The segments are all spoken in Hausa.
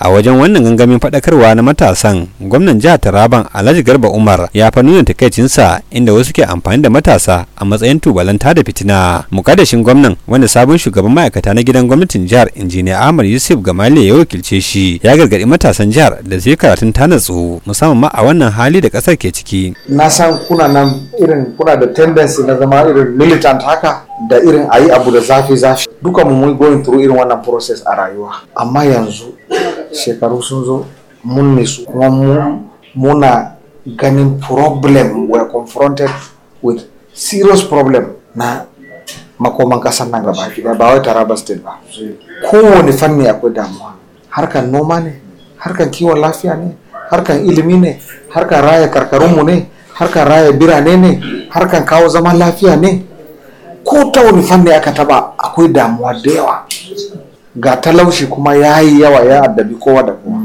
a wajen wannan gangamin faɗakarwa na matasan gwamnan jihar taraban alhaji garba umar ya fa nuna takaicinsa inda wasu ke amfani da matasa a matsayin tubalanta da fitina mukaddashin gwamnan wanda sabon shugaban ma'aikata na gidan gwamnatin jihar injiniya ahmad yusuf gamale ya wakilce shi ya gargaɗi matasan jihar da su yi karatun tanatsu musamman ma a wannan hali da ƙasar ke ciki na san kuna nan irin kuna da tendency na zama irin militant haka da irin a yi abu da zafi-zafi duka mu mun going through irin wannan process a rayuwa amma yanzu shekaru sun zo mun nisu kuma muna ganin problem were confronted with serious problem na makoman kasar nan gaba ki ba wai taraba state ba kowane fanni akwai damuwa harkan noma ne harkan kiwon lafiya ne harkan ilimi ne harkan raya karkarunmu ne harkan raya birane ne harkan kawo zaman lafiya ne ko ta wani fanni aka taba akwai damuwa da yawa ga talaushi kuma ya yi yawa ya addabi kowa da kuma.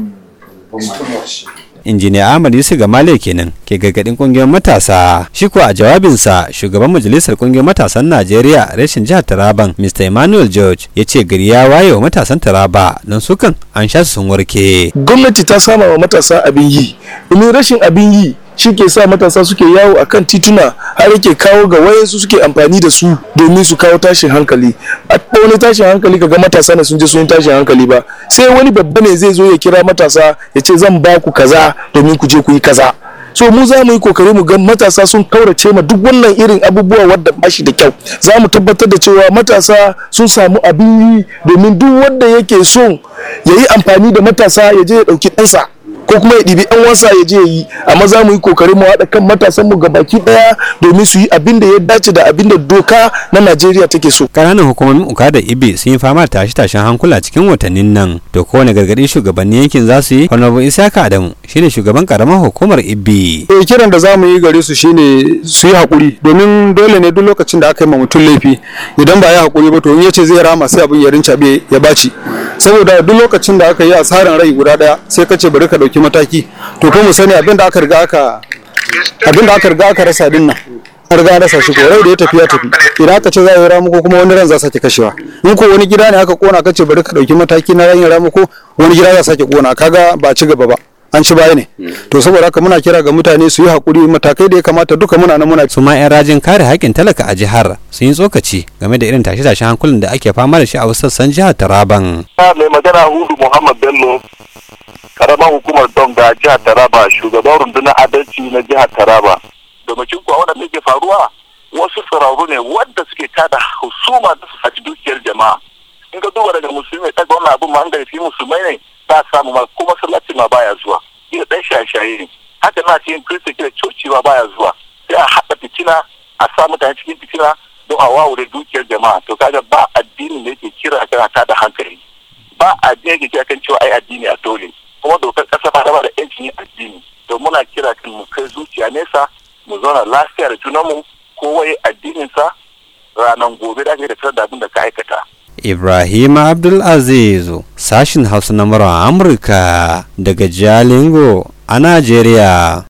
injiniya ahmad yusuf gamale kenan ke gargadin kungiyar matasa shi kuwa a jawabinsa shugaban majalisar kungiyar matasan najeriya rashin jihar taraban mr emmanuel george ya ce gari ya waye wa matasan taraba don sukan an sha sun warke gwamnati ta sama wa matasa abin yi domin rashin abin yi shi ke sa matasa suke yawo a kan tituna har yake kawo ga wayansu suke amfani da su domin su kawo tashin hankali a wani tashin hankali kaga matasa ne sun je sun yi tashin hankali ba sai wani babba ne zai zo ya kira matasa ya ce zan ba ku kaza domin ku je ku yi kaza so mu za mu yi kokari mu ga matasa sun kaurace ma duk wannan irin abubuwa wanda ba shi da kyau za mu tabbatar da cewa matasa sun samu abin yi domin duk wanda yake so ya yi amfani da matasa ya je ya ɗauki ɗansa ko kuma ya ɗibi yan wasa ya je yi amma za mu yi ƙoƙarin mu haɗa kan matasan mu gabaki ɗaya domin su yi abin da ya dace da abin da doka na Najeriya take so. Kananan hukumomin Uka da Ibe sun yi fama tashe-tashen hankula cikin watannin nan to kowane gargadin shugabannin yankin za su yi Honorable Isaka Adamu shine shugaban karamar hukumar Ibe. Eh kiran da za mu yi gare su shine su yi hakuri domin dole ne duk lokacin da aka yi ma mutum laifi idan ba ya hakuri ba to in ce zai rama sai abin ya rinca ya baci saboda duk lokacin da aka yi asaran rai guda daya sai ka ce bari ka ɗauki mataki to kuma sani abin da aka riga aka abin da aka riga aka rasa din nan an riga rasa shi ko rai da ya tafi ya tafi idan aka ce za a yi ramuko kuma wani ran za sake kashewa in ko wani gida ne aka kona ka ce bari ka ɗauki mataki na ran yin ramuko wani gida za sake kona kaga ba ci gaba ba an ci baya ne to saboda haka muna kira ga mutane su yi hakuri matakai da ya kamata duka muna nan muna su ma yan rajin kare haƙƙin talaka a jihar sun yi tsokaci game da irin tashe-tashen hankulan da ake fama da shi a wasu sassan jihar Taraban. Mai magana Hudu Muhammad Bello karamar hukumar don ga jihar taraba shugaban rundunar adalci na jihar taraba domin kuwa wadanda ke faruwa wasu tsararru ne wadda suke tada husuma da su dukiyar jama'a in ka duba daga musulmi ta gwamna abin ma an garfi musulmai ne ta samu ma kuma salati ma baya zuwa ina dan shaye-shaye ne haka na cikin kristi kira coci ma baya zuwa sai a haɗa fitina a sa mutane cikin fitina don a wawure dukiyar jama'a to kaga ba addini ne ke kira kan a tada hankali ba a jirgin kan cewa ai addini a dole kuma dokar ƙasa ba da yanci yin addini to muna kira kan mu kai zuciya nesa mu zauna lafiya da junan mu kowa ya addininsa ranar gobe da da da abin da ka aikata. Ibrahim Abdulaziz sashin Hausa na Amurka daga Jalingo a Najeriya.